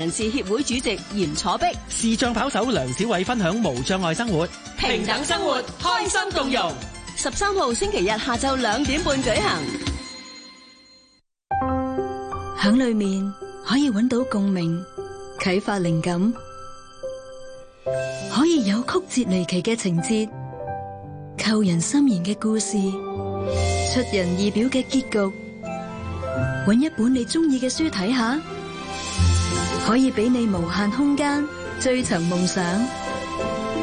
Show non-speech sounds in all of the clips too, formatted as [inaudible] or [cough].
人事協會主席嚴楚碧，視障跑手梁小偉分享無障礙生活，平等生活，開心共融。十三號星期日下晝兩點半舉行。響裏面可以揾到共鳴、啟發靈感，可以有曲折離奇嘅情節、扣人心弦嘅故事、出人意表嘅結局。揾一本你中意嘅書睇下。可以俾你無限空間追尋夢想，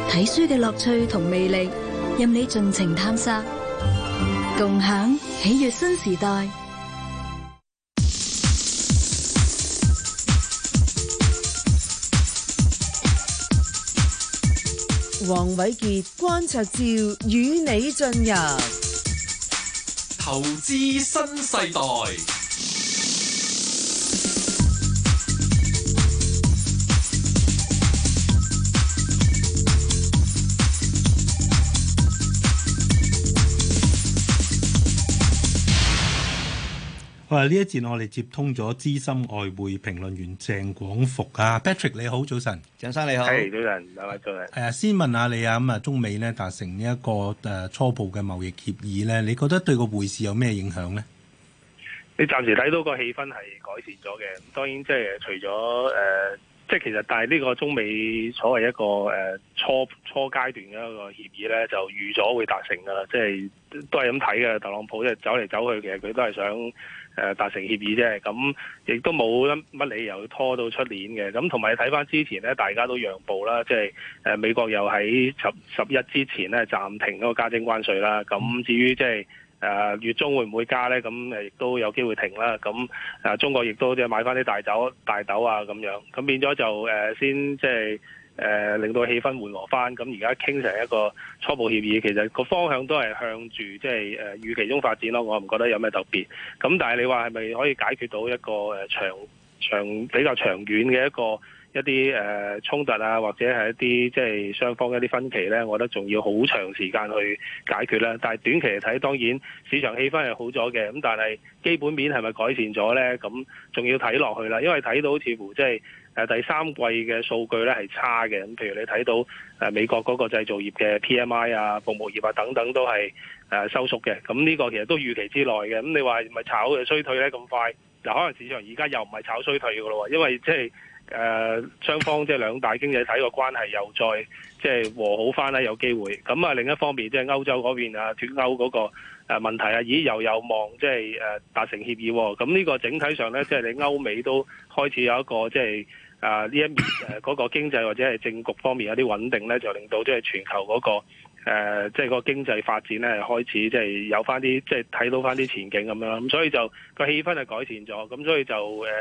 睇書嘅樂趣同魅力任你盡情探索，共享喜悅新時代。黃偉傑關卓照與你進入投資新時代新世代。呢一節我哋接通咗資深外匯評論員鄭廣復啊，Patrick 你好早晨，鄭生你好，係早晨，早晨。誒，你好 hey, you know. 先問下你啊，咁啊，中美咧達成呢一個誒初步嘅貿易協議咧，你覺得對個匯市有咩影響咧？你暫時睇到個氣氛係改善咗嘅，當然即係除咗誒。呃即係其實，但係呢個中美所謂一個誒初初階段嘅一個協議咧，就預咗會達成噶啦。即係都係咁睇嘅。特朗普即係走嚟走去，其實佢都係想誒達成協議啫。咁亦都冇乜理由拖到出年嘅。咁同埋睇翻之前咧，大家都讓步啦。即係誒美國又喺十十一之前咧暫停嗰個加徵關稅啦。咁至於即係。誒、呃、月中會唔會加呢？咁亦都有機會停啦。咁、啊、中國亦都即係買翻啲大豆、大豆啊咁樣。咁變咗就誒、呃、先即係誒令到氣氛緩和翻。咁而家傾成一個初步協議，其實個方向都係向住即係誒預期中發展咯。我唔覺得有咩特別。咁但係你話係咪可以解決到一個誒長長比較長遠嘅一個？一啲誒衝突啊，或者係一啲即係雙方一啲分歧咧，我覺得仲要好長時間去解決啦。但係短期嚟睇，當然市場氣氛係好咗嘅，咁但係基本面係咪改善咗咧？咁仲要睇落去啦，因為睇到似乎即係誒第三季嘅數據咧係差嘅。咁譬如你睇到誒美國嗰個製造業嘅 PMI 啊、服務業啊等等都係誒收縮嘅。咁呢個其實都預期之內嘅。咁你話咪炒嘅衰退咧咁快？嗱，可能市場而家又唔係炒衰退嘅咯喎，因為即係。誒、呃、雙方即係、就是、兩大經濟體個關係又再即係、就是、和好翻啦，有機會。咁啊另一方面，即、就、係、是、歐洲嗰邊啊，脫歐嗰個誒問題啊，咦又有望即係誒達成協議。咁呢個整體上咧，即、就、係、是、你歐美都開始有一個即係啊呢一面誒嗰個經濟或者係政局方面有啲穩定咧，就令到即係全球嗰、那個即係、呃就是、個經濟發展咧開始即係有翻啲即係睇到翻啲前景咁樣。咁所以就、那個氣氛係改善咗。咁所以就誒。呃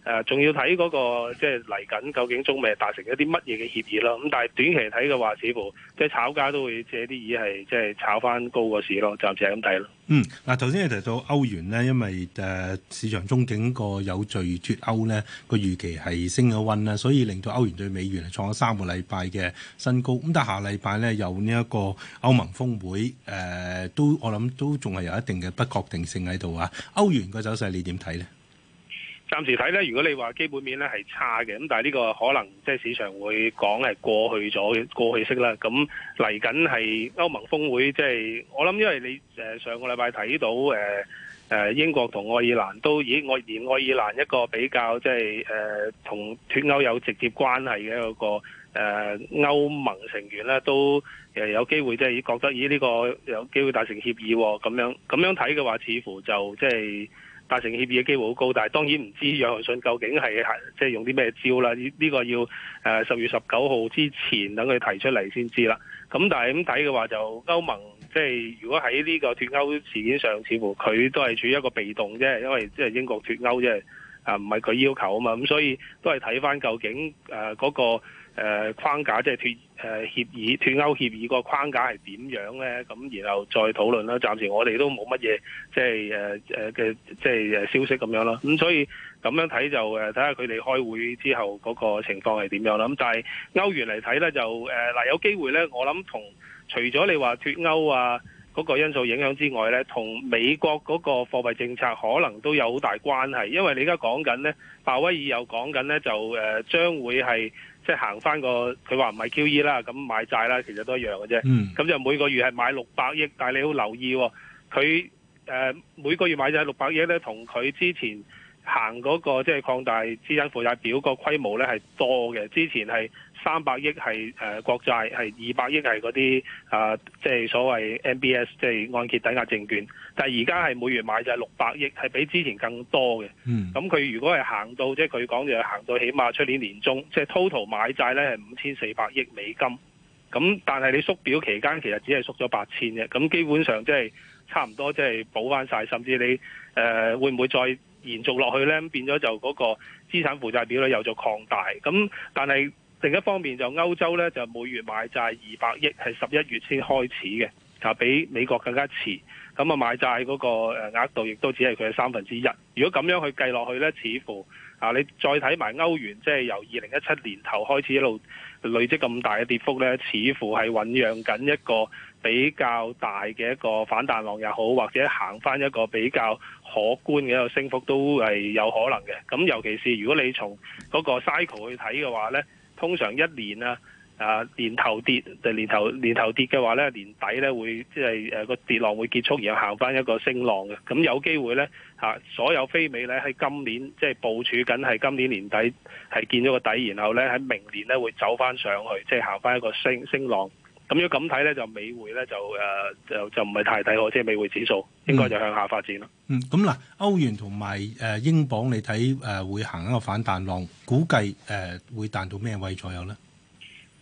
誒、那個，仲要睇嗰個即係嚟緊究竟中美達成一啲乜嘢嘅協議啦，咁但係短期睇嘅話，似乎即係炒家都會借啲意係即係炒翻高個市咯，暫時係咁睇咯。嗯，嗱、啊，頭先你提到歐元咧，因為誒、啊、市場中景個有序脫歐咧個預期係升咗溫啦，所以令到歐元對美元創咗三個禮拜嘅新高。咁但係下禮拜咧，有呢一個歐盟峰會，誒、呃、都我諗都仲係有一定嘅不確定性喺度啊。歐元個走勢你點睇咧？暫時睇咧，如果你話基本面咧係差嘅，咁但呢個可能即係市場會講係過去咗過去式啦。咁嚟緊係歐盟峰會，即、就、係、是、我諗，因為你誒上個禮拜睇到誒英國同愛爾蘭都以我連愛爾蘭一個比較即係誒同脱歐有直接關係嘅一個誒、呃、歐盟成員咧，都有機會即係覺得以呢、呃這個有機會達成協議喎。咁樣咁樣睇嘅話，似乎就即係、就是達成協議嘅機會好高，但係當然唔知約翰遜究竟係即係用啲咩招啦。呢、呢個要誒十月十九號之前等佢提出嚟先知啦。咁但係咁睇嘅話，就歐盟即係、即係、如果喺呢個脱歐事件上，似乎佢都係處於一個被動啫，因為即係英國脱歐啫。啊，唔係佢要求啊嘛，咁所以都係睇翻究竟誒嗰個誒框架，即係脱誒協議脱歐協議個框架係點樣咧？咁然後再討論啦。暫時我哋都冇乜嘢，即係誒誒嘅即係消息咁樣咯。咁所以咁樣睇就誒，睇下佢哋開會之後嗰個情況係點樣啦。咁但係歐元嚟睇咧，就誒嗱，有機會咧，我諗同除咗你話脱歐啊。嗰、那個因素影響之外呢，同美國嗰個貨幣政策可能都有好大關係。因為你而家講緊呢，鮑威爾又講緊呢，就誒、呃、將會係即係行翻個，佢話唔係 QE 啦，咁買債啦，其實都一樣嘅啫。咁就每個月係買六百億，但係你好留意佢、哦、誒、呃、每個月買債六百億呢，同佢之前，行嗰個即係擴大資產負債表個規模咧，係多嘅。之前係三百億係誒國債，係二百億係嗰啲即係所謂 MBS，即係按揭抵押證券。但係而家係每月買債六百億，係比之前更多嘅。嗯，咁佢如果係行到，即係佢講嘅行到，起碼出年年中，即係 total 買債咧係五千四百億美金。咁但係你縮表期間，其實只係縮咗八千嘅。咁基本上即係差唔多，即係補翻晒，甚至你誒、呃、會唔會再？延續落去咧，變咗就嗰個資產負債表咧又再擴大。咁但係另一方面就歐洲咧就每月買債二百億，係十一月先開始嘅，就比美國更加遲。咁啊買債嗰個誒額度亦都只係佢嘅三分之一。如果咁樣去計落去咧，似乎。啊！你再睇埋歐元，即係由二零一七年頭開始一路累積咁大嘅跌幅呢，似乎係醖釀緊一個比較大嘅一個反彈浪又好，或者行返一個比較可觀嘅一個升幅都係有可能嘅。咁尤其是如果你從嗰個 cycle 去睇嘅話呢，通常一年啊～啊！年頭跌，就年頭年頭跌嘅話咧，年底咧會即係誒個跌浪會結束，然後行翻一個升浪嘅。咁有機會咧嚇，所有非美咧喺今年即係部署緊，係今年年底係見咗個底，然後咧喺明年咧會走翻上去，即係行翻一個升升浪。咁如果咁睇咧，就美匯咧就誒就就唔係太睇好，即係美匯指數應該就向下發展咯。嗯，咁、嗯、嗱，歐元同埋誒英鎊，你睇誒會行一個反彈浪，估計誒會彈到咩位左右咧？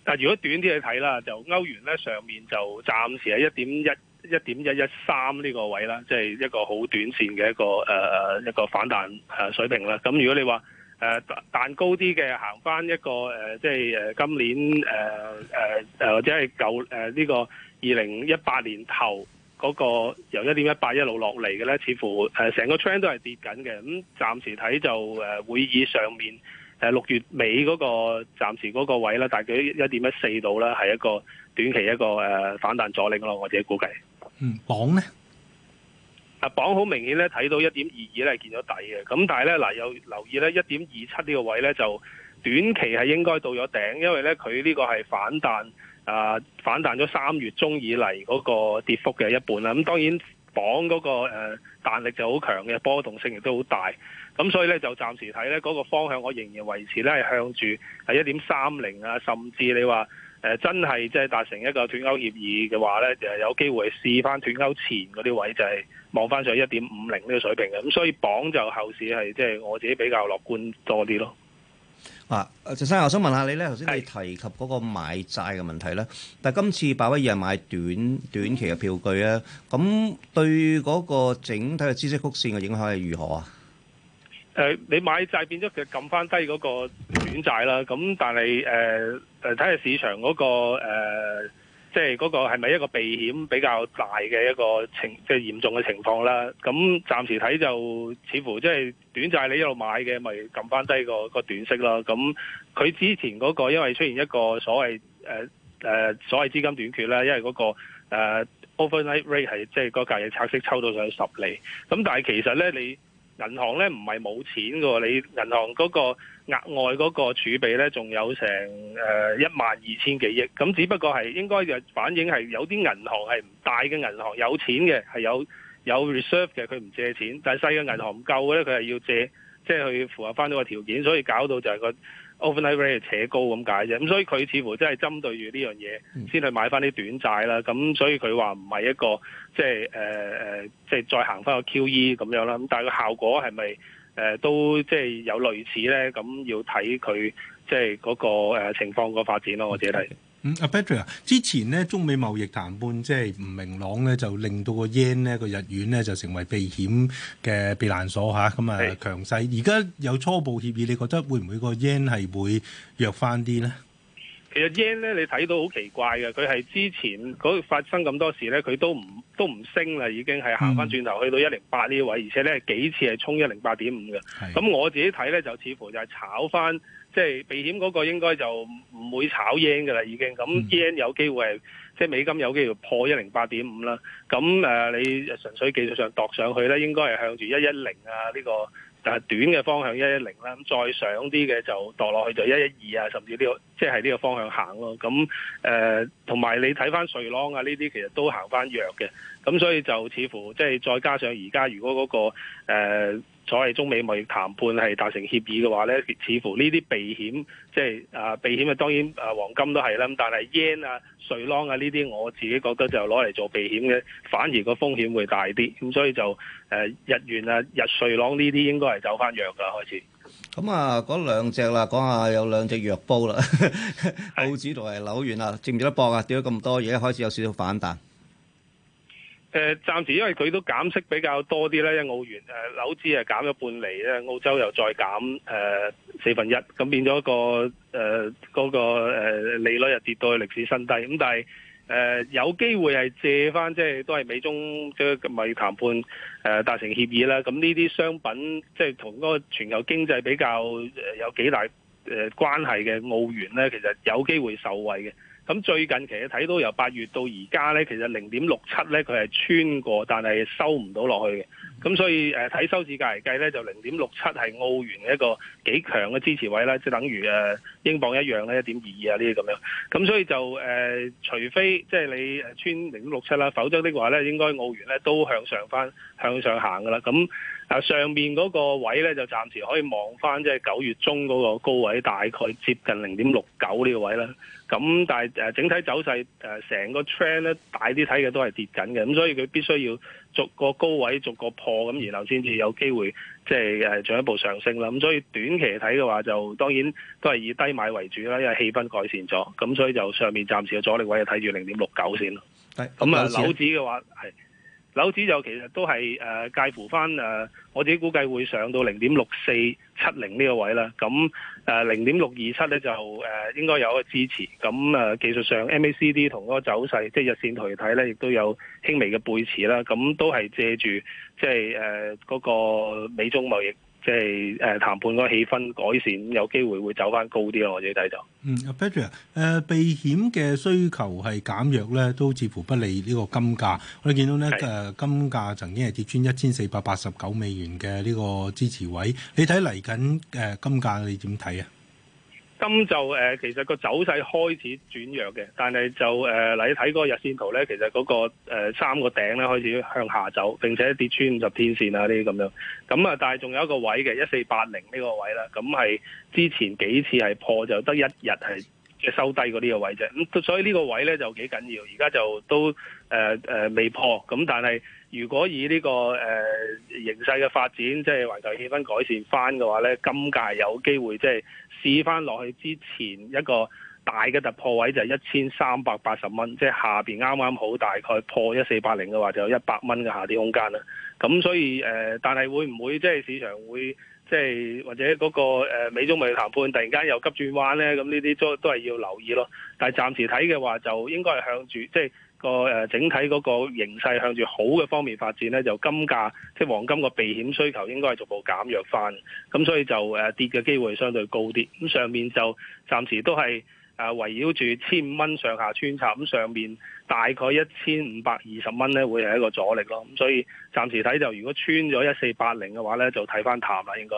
但如果短啲去睇啦，就歐元咧上面就暫時喺一點一一點一一三呢個位啦，即、就、係、是、一個好短線嘅一個誒、呃、一個反彈水平啦。咁如果你話誒、呃、彈高啲嘅行翻一個即係、呃就是、今年誒誒、呃、或者係舊誒呢、呃這個二零一八年頭嗰、那個由一點一八一路落嚟嘅咧，似乎誒成、呃、個 trend 都係跌緊嘅。咁暫時睇就誒、呃、會議上面。誒六月尾嗰個暫時嗰個位咧，大概一點一四度咧，係一個短期一個反彈阻力咯，我自己估計。嗯，磅呢啊，磅好明顯咧，睇到一點二二咧，係見咗底嘅。咁但係咧，嗱有留意咧，一點二七呢個位咧，就短期係應該到咗頂，因為咧佢呢個係反彈，反彈咗三月中以嚟嗰個跌幅嘅一半啦。咁當然榜嗰個誒彈力就好強嘅，波動性亦都好大。咁所以咧，就暫時睇咧嗰個方向，我仍然維持咧係向住係一點三零啊，甚至你話誒真係即係達成一個斷歐協議嘅話咧，就有機會係試翻斷歐前嗰啲位，就係望翻上一點五零呢個水平嘅。咁所以榜就後市係即係我自己比較樂觀多啲咯。啊，陳生，我想問下你咧，頭先你提及嗰個買債嘅問題咧，但係今次鮑威爾又係買短短期嘅票據咧，咁對嗰個整體嘅孳息曲線嘅影響係如何啊？呃、你買債變咗佢撳翻低嗰個短債啦，咁但係你誒睇下市場嗰、那個即係嗰個係咪一個避險比較大嘅一個情，即、就、係、是、嚴重嘅情況啦。咁暫時睇就似乎即係短債你一路買嘅，咪撳翻低個、那個短息啦，咁佢之前嗰個因為出現一個所謂誒、呃呃、所謂資金短缺啦，因為嗰、那個、呃、overnight rate 係即係嗰隔夜拆息抽到上十厘，咁但係其實咧你。銀行咧唔係冇錢㗎喎，你銀行嗰個額外嗰個儲備咧仲有成誒一萬二千幾億，咁只不過係應該反映係有啲銀行係唔大嘅銀行有錢嘅係有有 reserve 嘅，佢唔借錢，但係細嘅銀行唔夠咧，佢係要借，即係去符合翻呢個條件，所以搞到就係個。overnight rate 係扯高咁解啫，咁所以佢似乎真係針對住呢樣嘢先去買翻啲短債啦。咁所以佢話唔係一個即係誒誒，即係再行翻個 QE 咁樣啦。咁但係個效果係咪誒都即係、即係、有類似咧？咁要睇佢即係嗰個、呃、情況個發展咯。我自己睇。Okay. 嗯，阿 Patrick，之前咧中美貿易談判即係唔明朗咧，就令到個 yen 呢個日元呢，日元呢就成為避險嘅避難所嚇，咁啊強勢。而家有初步協議，你覺得會唔會個 yen 係會弱翻啲呢？其實 yen 咧，你睇到好奇怪嘅，佢係之前嗰發生咁多事咧，佢都唔都唔升啦，已經係行翻轉頭去到一零八呢位，而且咧幾次係衝一零八點五嘅。咁我自己睇咧，就似乎就係炒翻。即係避險嗰個應該就唔會炒 yen 啦，已經咁 yen 有機會係即係美金有機會破一零八點五啦。咁誒、呃，你純粹技術上度上去咧，應該係向住一一零啊呢、呢個誒短嘅方向一一零啦。咁再上啲嘅就度落去就一一二啊，甚至呢、呢個即係呢個方向行咯。咁誒，同、呃、埋你睇翻瑞郎啊呢啲其實都行翻弱嘅。咁所以就似乎即係、就是、再加上而家如果嗰、嗰個、呃所謂中美貿易談判係達成協議嘅話咧，似乎呢啲避險，即係啊避險啊，當然啊黃金都係啦，但係 yen 啊、瑞郎啊呢啲，我自己覺得就攞嚟做避險嘅，反而個風險會大啲，咁所以就誒日元啊、日瑞郎呢啲應該係走翻弱噶開始。咁啊，講兩隻啦，講下有兩隻弱煲啦，澳 [laughs] 紙同埋紐元啊，值唔值得搏啊？跌咗咁多嘢，開始有少少反彈。誒、呃、暫時因為佢都減息比較多啲咧，澳元誒樓指誒減咗半厘，咧，澳洲又再減誒、呃、四分一，咁變咗個誒嗰、呃那個利率又跌到去歷史新低，咁但係誒、呃、有機會係借翻，即係都係美中即係咪談判誒、呃、達成協議啦？咁呢啲商品即係同嗰個全球經濟比較誒有幾大誒關係嘅澳元咧，其實有機會受惠嘅。咁最近其實睇到由八月到而家咧，其實零點六七咧佢係穿過，但係收唔到落去嘅。咁所以呃、睇收市價嚟計咧，就零點六七係澳元嘅一個幾強嘅支持位啦，即係等於、呃、英鎊一樣咧一點二二啊呢啲咁樣。咁所以就誒、呃，除非即係、誒、你穿零點六七啦，否則的話咧，應該澳元咧都向上翻向上行噶啦。咁上面嗰個位咧就暫時可以望翻即係九月中嗰個高位，大概接近零點六九呢個位啦。咁但係誒整體走勢誒成個 trend 咧大啲睇嘅都係跌緊嘅，咁所以佢必須要逐個高位逐個破，咁，然後先至有機會即係誒進一步上升啦。咁所以短期睇嘅話，就當然都係以低買為主啦，因為氣氛改善咗，咁所以就上面暫時嘅阻力位就睇住零點六九先咯。係，咁啊，樓指嘅話係樓指就其實都係誒、呃、介乎翻誒、呃，我自己估計會上到零點六四七零呢個位啦。咁、嗯誒零點六二七咧就誒、呃、應該有個支持，咁誒、呃、技術上 MACD 同嗰個走勢，即係日線圖睇咧，亦都有輕微嘅背馳啦，咁都係借住即係誒嗰個美中貿易。即係誒、呃、談判個氣氛改善，有機會會走翻高啲咯。我自己睇就嗯，Patricia、呃、避險嘅需求係減弱咧，都似乎不利呢個金價。我哋見到咧誒、呃、金價曾經係跌穿一千四百八十九美元嘅呢個支持位。你睇嚟緊誒金價，你怎看，你點睇啊？今就誒、呃，其實個走勢開始轉弱嘅，但係就誒，你睇嗰個日線圖咧，其實嗰、嗰個、呃、三個頂咧開始向下走，並且跌穿五十天線啊呢啲咁樣。咁啊，但係仲有一個位嘅一四八零呢個位啦，咁係之前幾次係破就得一日係即係收低嗰啲個位啫。咁所以呢個位咧就幾緊要，而家就都誒、呃呃、未破，咁但係。如果以呢、這個誒、呃、形勢嘅發展，即、就、係、是、環球氣氛改善翻嘅話呢，今屆有機會即係試翻落去之前一個大嘅突破位就是1，就係一千三百八十蚊，即係下邊啱啱好大概破一四八零嘅話，就有一百蚊嘅下跌空間啦。咁所以誒、呃，但係會唔會即係市場會即係或者嗰、那個、呃、美中美談判突然間又急轉彎呢？咁呢啲都都係要留意咯。但係暫時睇嘅話，就應該係向住即係。就是個誒整體嗰個形勢向住好嘅方面發展咧，就金價即係黃金個避險需求應該係逐步減弱翻，咁所以就誒跌嘅機會相對高啲。咁上面就暫時都係誒圍繞住千五蚊上下穿插，咁上面大概一千五百二十蚊咧會係一個阻力咯。咁所以暫時睇就如果穿咗一四八零嘅話咧，就睇翻淡啦應該。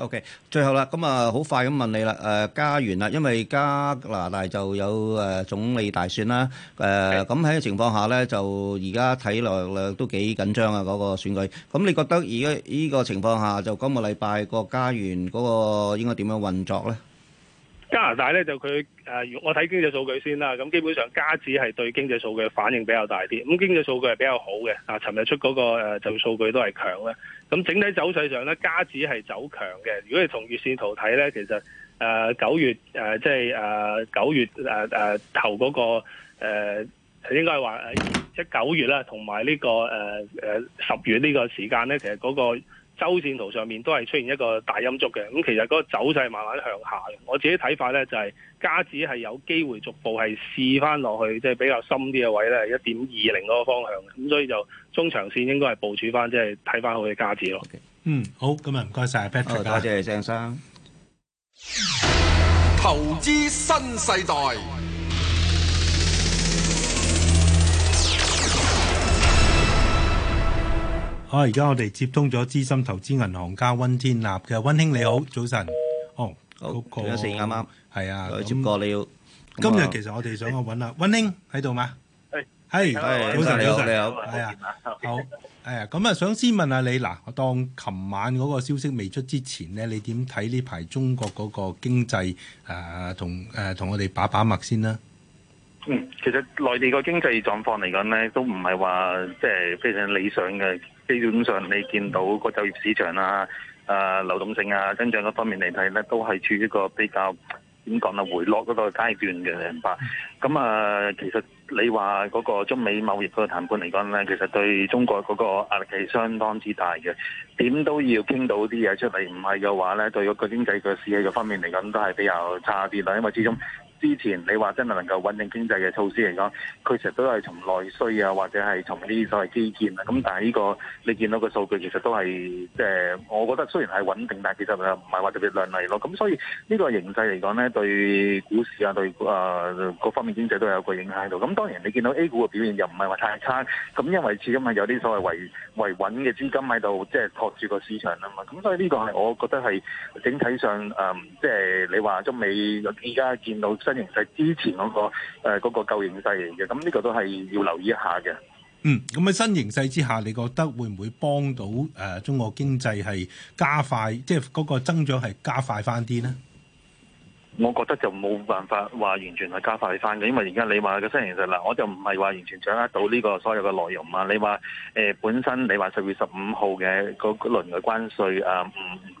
OK，最後啦，咁啊，好快咁問你啦，誒，加元啦，因為加拿大就有誒總理大選啦，誒，咁喺個情況下咧，就而家睇落嚟都幾緊張啊，嗰個選舉。咁你覺得而家呢個情況下，就今個禮拜個加元嗰個應該點樣運作咧？加拿大咧就佢誒，我睇經濟數據先啦。咁基本上，加指係對經濟數據反應比較大啲。咁經濟數據係比較好嘅，啊，尋日出嗰個誒就數據都係強嘅。咁整體走勢上咧，加指係走強嘅。如果你從月線圖睇咧，其實誒九、呃、月誒即係誒九月誒誒、呃、頭嗰、那個誒、呃，應該係話即係九月啦、這個，同埋呢個誒誒十月呢個時間咧，其實嗰、那個。周線圖上面都係出現一個大陰燭嘅，咁其實嗰個走勢就慢慢向下嘅。我自己睇法咧就係，家指係有機會逐步係試翻落去，即係比較深啲嘅位咧，一點二零嗰個方向。咁所以就中長線應該係部署翻，即係睇翻好嘅家指嘅。Okay. 嗯，好，咁啊，唔該晒。Patrick 多謝鄭生。投資新世代。現在好，而家、哦那個啊、我哋接通咗資深投資銀行家溫天納嘅溫兄。你好，早晨。哦、啊，好，準時啱啱，係啊，過了。今日其實我哋想去揾啊，溫兄喺度嘛。誒，係，早晨，早晨，你好，係啊，好，係啊，咁啊，想先問下你嗱，我當琴晚嗰個消息，未出之前呢，你點睇呢排中國嗰個經濟誒同誒同我哋把把脈先啦？嗯，其實內地個經濟狀況嚟講咧，都唔係話即係非常理想嘅。基本上你見到個就業市場啊、誒、呃、流動性啊、增長嗰方面嚟睇呢，都係處於一個比較點講啊，回落嗰個階段嘅。明白。咁啊、呃，其實你話嗰個中美貿易嗰個談判嚟講呢，其實對中國嗰個壓力係相當之大嘅，點都要傾到啲嘢出嚟，唔係嘅話呢，對嗰個經濟個市氣嘅方面嚟講都係比較差啲啦，因為始終。之前你話真係能夠穩定經濟嘅措施嚟講，佢其實都係從內需呀，或者係從啲所謂基建呀。咁但係呢個你見到個數據，其實都係即係我覺得雖然係穩定，但係其實唔係話特別亮麗囉。咁所以呢個形勢嚟講呢，對股市呀、啊、對啊各、呃、方面經濟都有個影響喺度。咁當然你見到 A 股嘅表現又唔係話太差，咁因為始終係有啲所謂維維穩嘅資金喺度，即係托住個市場啊嘛。咁所以呢個係我覺得係整體上即係、呃就是、你話中美而家見到。新形勢之前嗰、嗰個誒、呃嗰個舊形勢嚟嘅，咁呢個都係要留意一下嘅。嗯，咁喺新形勢之下，你覺得會唔會幫到誒、呃、中國經濟係加快，即係嗰個增長係加快翻啲呢？我覺得就冇辦法話完全係加快翻嘅，因為而家你話個新形勢嗱，我就唔係話完全掌握到呢個所有嘅內容嘛。你話誒、呃、本身你話十月十五號嘅嗰個輪嘅關稅誒唔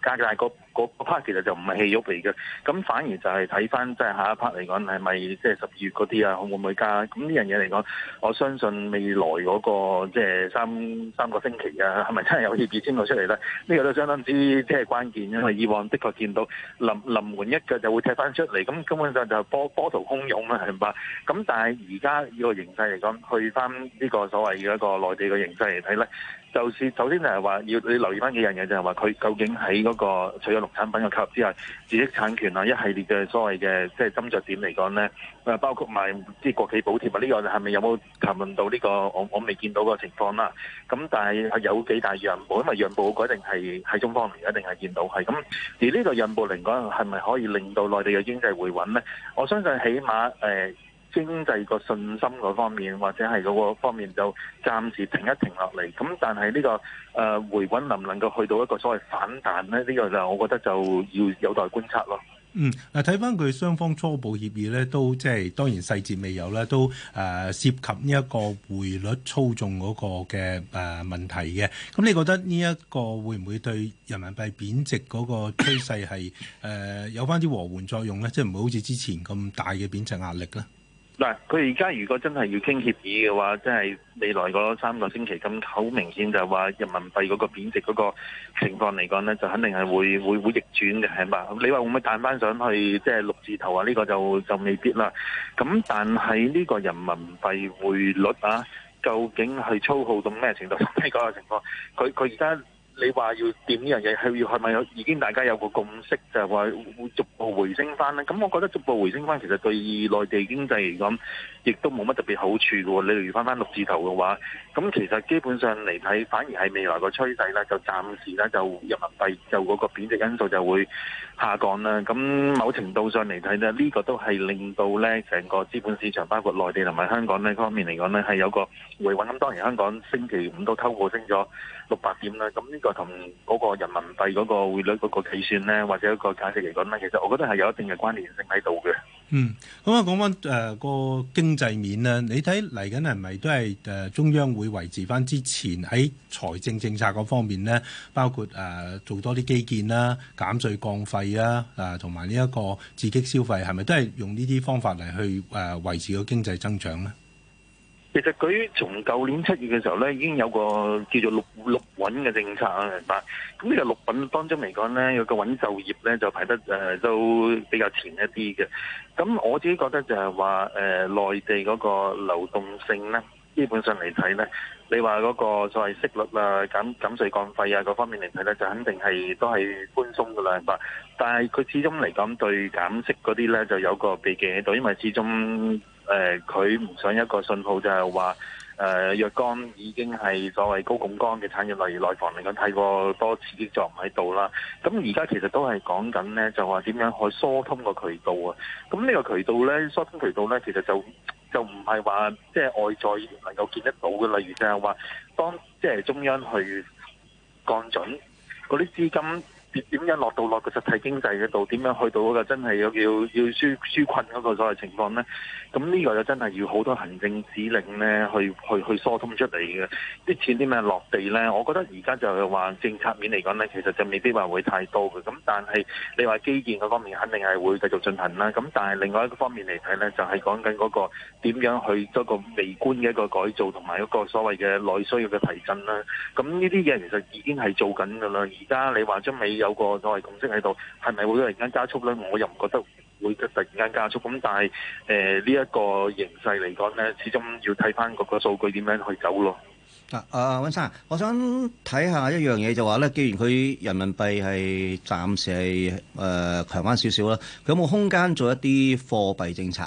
加價。個個 part 其實就唔係戲肉嚟嘅，咁反而就係睇翻即係下一 part 嚟講係咪即係十二月嗰啲啊，會唔會加？咁呢樣嘢嚟講，我相信未來嗰個即係三三個星期啊，係咪真係有熱錢出嚟咧？呢個都相當之即係關鍵，因為以往的確見到臨臨門一腳就會踢翻出嚟，咁根本上就係波波濤洶湧啦，係嘛？咁但係而家呢個形勢嚟講，去翻呢個所謂嘅一個內地嘅形勢嚟睇咧，就係首先就係話要你留意翻幾樣嘢，就係話佢究竟喺嗰個除咗六。產品嘅投入之下，知識產權啊，一系列嘅所謂嘅即係斟酌點嚟講咧，誒包括埋啲國企補貼啊，呢、這個係咪有冇談論到呢、這個？我我未見到個情況啦。咁但係有幾大讓步？因為讓步嗰定係喺中方嚟一定係見到係咁。而呢個讓步嚟講係咪可以令到內地嘅經濟回穩咧？我相信起碼誒。呃經濟個信心嗰方面，或者係嗰個方面，就暫時停一停落嚟。咁但係呢、這個誒、呃、回穩能唔能夠去到一個所謂反彈呢？呢、這個就我覺得就要有待觀察咯。嗯，嗱睇翻佢雙方初步協議咧，都即、就、係、是、當然細節未有啦，都誒、呃、涉及呢一個匯率操縱嗰個嘅誒、呃、問題嘅。咁你覺得呢一個會唔會對人民幣貶值嗰個趨勢係、呃、有翻啲和緩作用咧？即係唔會好似之前咁大嘅貶值壓力咧？嗱，佢而家如果真係要傾協議嘅話，即係未來嗰三個星期咁好明顯就話人民幣嗰個貶值嗰個情況嚟講呢，就肯定係會會會逆轉嘅係嘛？你話會唔會彈翻上去？即係六字頭啊？呢個就就未必啦。咁但係呢個人民幣匯率啊，究竟係操控到咩程度？呢嗰個情況，佢佢而家。你話要掂呢樣嘢係要係咪有已經大家有個共識，就係話會逐步回升翻呢？咁我覺得逐步回升翻，其實對內地經濟嚟講亦都冇乜特別好處喎。你如翻翻六字頭嘅話，咁其實基本上嚟睇，反而係未來個趨勢咧，就暫時咧就人民幣就嗰個貶值因素就會下降啦。咁某程度上嚟睇呢，呢個都係令到咧成個資本市場，包括內地同埋香港呢方面嚟講咧，係有個回穩。咁當然香港星期五都偷步升咗六百點啦。咁呢個同嗰個人民幣嗰個匯率嗰個計算咧，或者一個解釋嚟講咧，其實我覺得係有一定嘅關聯性喺度嘅。嗯，咁、嗯、啊，講翻誒個經濟面啊，你睇嚟緊係咪都係誒中央會維持翻之前喺財政政策嗰方面咧，包括誒做多啲基建啦、減稅降費啊，誒同埋呢一個刺激消費，係咪都係用呢啲方法嚟去誒維持個經濟增長咧？其實佢從舊年七月嘅時候咧，已經有個叫做六六穩嘅政策啊，明白？咁呢個六穩當中嚟講咧，有個穩就業咧就排得誒、呃、都比較前一啲嘅。咁我自己覺得就係話誒內地嗰個流動性啦。基本上嚟睇咧，你話嗰個所謂息率啊、減減稅降費啊各方面嚟睇咧，就肯定係都係寬鬆噶啦，係嘛？但係佢始終嚟講對減息嗰啲咧，就有個避忌喺度，因為始終誒佢唔想一個信號就係話。誒若干已經係所謂高槓杆嘅產業類，內房嚟講太過多刺激作唔喺度啦。咁而家其實都係講緊咧，就話點樣去疏通渠道這個渠道啊。咁呢個渠道咧，疏通渠道咧，其實就就唔係話即係外在能夠見得到嘅，例如就係話當即係、就是、中央去降準嗰啲資金。點樣落到落個實體經濟嗰度？點樣去到嗰個真係要要要紓困嗰個所謂情況呢？咁呢個就真係要好多行政指令呢去去去疏通出嚟嘅啲錢啲咩落地呢？我覺得而家就係話政策面嚟講呢，其實就未必話會太多嘅。咁但係你話基建嗰方面，肯定係會繼續進行啦。咁但係另外一個方面嚟睇呢，就係講緊嗰個點樣去一、這個微觀嘅一個改造，同埋一個所謂嘅內需要嘅提振啦。咁呢啲嘢其實已經係做緊噶啦。而家你話將美有個所謂共識喺度，係咪會突然間加速咧？我又唔覺得會突然間加速。咁但係誒呢一個形勢嚟講咧，始終要睇翻嗰個數據點樣去走咯。啊，阿溫生，我想睇下一樣嘢就話咧，既然佢人民幣係暫時係誒強翻少少啦，佢有冇空間做一啲貨幣政策？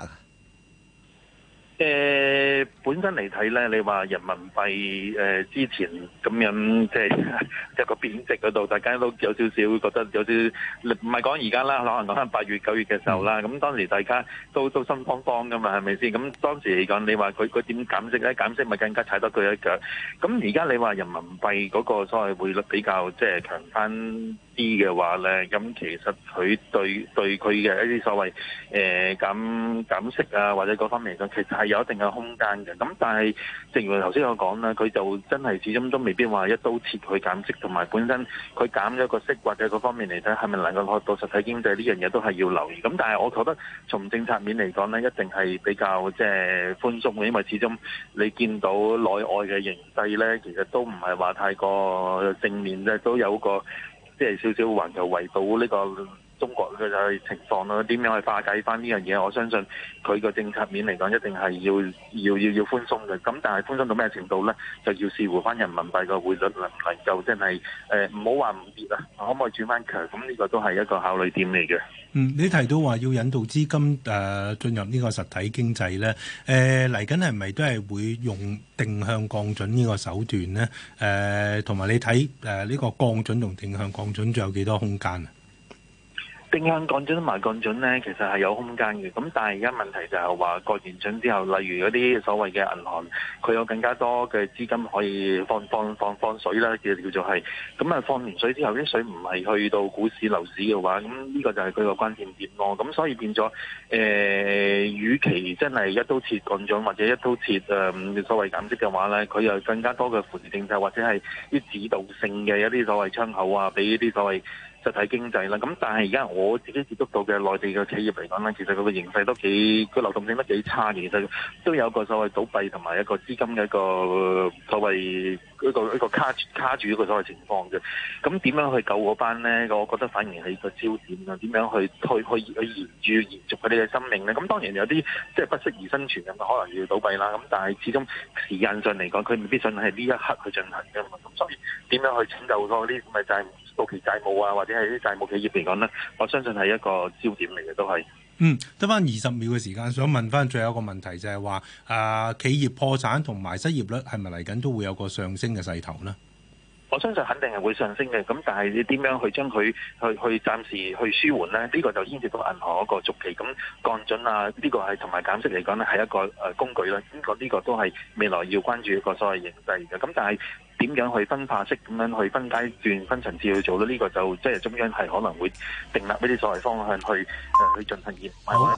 誒本身嚟睇咧，你話人民幣誒之前咁樣即係一個貶值嗰度，大家都有少少覺得有啲唔係講而家啦，可能講翻八月九月嘅時候啦，咁當時大家都都心慌慌噶嘛，係咪先？咁當時嚟講，你話佢佢點減息咧？減息咪更加踩多佢一腳。咁而家你話人民幣嗰個所謂匯率比較即係強翻啲嘅話咧，咁其實佢對對佢嘅一啲所謂誒減減息啊或者嗰方面上其實係。有一定嘅空間嘅，咁但係正如頭先我講啦，佢就真係始終都未必話一刀切去減息，同埋本身佢減咗個息或者各方面嚟睇，係咪能夠落到實體經濟呢樣嘢都係要留意。咁但係我覺得從政策面嚟講呢，一定係比較即係、就是、寬鬆嘅，因為始終你見到內外嘅形勢呢，其實都唔係話太過正面嘅，都有個即係少少環球圍堵呢個。就是小小中國嘅就係情況咯，點樣去化解翻呢樣嘢？我相信佢個政策面嚟講，一定係要要要要寬鬆嘅。咁但係寬鬆到咩程度呢？就要視乎翻人民幣個匯率能唔能夠真係誒唔好話唔跌啊，可唔可以轉翻強？咁呢個都係一個考慮點嚟嘅。嗯，你提到話要引導資金誒進入呢個實體經濟呢，誒嚟緊係咪都係會用定向降準呢個手段呢？誒同埋你睇誒呢個降準同定向降準仲有幾多空間啊？定向降準同埋降準咧，其實係有空間嘅。咁但係而家問題就係話降完準之後，例如嗰啲所謂嘅銀行，佢有更加多嘅資金可以放放放放水啦。叫叫做係咁啊！放完水之後，啲水唔係去到股市、樓市嘅話，咁呢個就係佢個關鍵點咯。咁所以變咗，誒、呃，與其真係一刀切降準或者一刀切誒、呃、所謂的減息嘅話咧，佢有更加多嘅扶持政策或者係啲指導性嘅一啲所謂窗口啊，俾呢啲所謂。實體經濟啦，咁但係而家我自己接觸到嘅內地嘅企業嚟講咧，其實佢個形勢都幾佢流動性都幾差嘅，其實都有個所謂倒閉同埋一個資金嘅一個所謂一個一個卡住卡住一個所謂情況嘅。咁點樣去救嗰班咧？我覺得反而係一個焦點啊！點樣去去去，去延續延續佢哋嘅生命咧？咁當然有啲即係不適宜生存咁可能要倒閉啦。咁但係始終時間上嚟講，佢未必想係呢一刻去進行嘅嘛。咁所以點樣去拯救多啲咁嘅債務？到期債務啊，或者係啲債務企業嚟講呢，我相信係一個焦點嚟嘅，都係。嗯，得翻二十秒嘅時間，想問翻最後一個問題就，就係話啊，企業破產同埋失業率係咪嚟緊都會有個上升嘅勢頭呢？我相信肯定係會上升嘅，咁但係你點樣去將佢去去暫時去舒緩咧？呢、這個就牽涉到銀行一個續期咁降準啊，呢、這個係同埋減息嚟講咧係一個工具啦。呢、這個呢、這個都係未來要關注一個所謂形勢嘅，咁但係點樣去分化式咁樣去分階段分層次去做咧？呢、這個就即係中央係可能會定立呢啲所謂方向去誒、呃、去進行研。